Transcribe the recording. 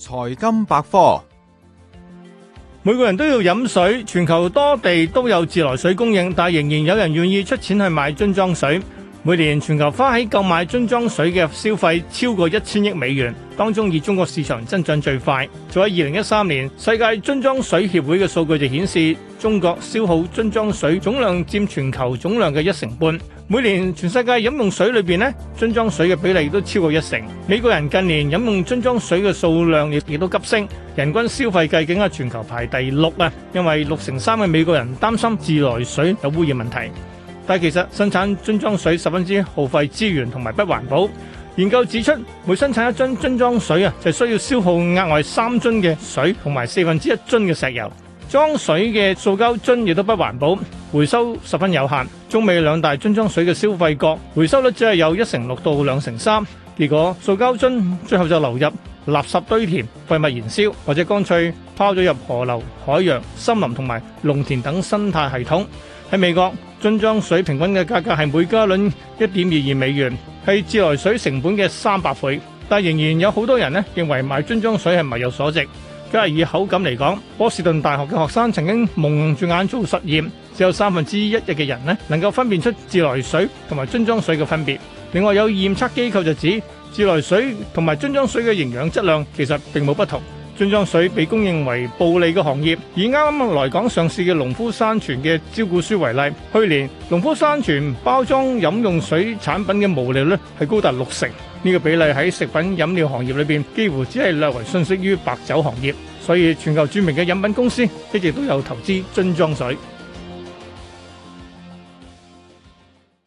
財金百科，每個人都要飲水，全球多地都有自來水供應，但仍然有人願意出錢去買樽裝水。每年全球花喺購買樽裝水嘅消費超過一千億美元，當中以中國市場增長最快。早喺二零一三年，世界樽裝水協會嘅數據就顯示，中國消耗樽裝水總量佔全球總量嘅一成半。每年全世界飲用水裏邊呢，樽裝水嘅比例都超過一成。美國人近年飲用樽裝水嘅數量亦亦都急升，人均消費計竟啊，全球排第六，因為六成三嘅美國人擔心自來水有污染問題。但其實生產樽裝水十分之耗費資源同埋不環保。研究指出，每生產一樽樽裝水啊，就需要消耗額外三樽嘅水同埋四分之一樽嘅石油。裝水嘅塑膠樽亦都不環保，回收十分有限。中美兩大樽裝水嘅消費國，回收率只係有一成六到兩成三。如果塑膠樽最後就流入垃圾堆填、廢物燃燒，或者乾脆拋咗入河流、海洋、森林同埋農田等生態系統。喺美國樽裝水平均嘅價格係每加侖一點二二美元，係自來水成本嘅三百倍。但仍然有好多人咧認為買樽裝水係物有所值。咁以口感嚟講，波士頓大學嘅學生曾經蒙住眼做實驗，只有三分之一日嘅人能夠分辨出自來水同埋樽裝水嘅分別。另外有驗測機構就指自來水同埋樽裝水嘅營養質量其實並冇不同。樽裝水被公認為暴利嘅行業，以啱啱來港上市嘅農夫山泉嘅招股書為例，去年農夫山泉包裝飲用水產品嘅毛利率係高達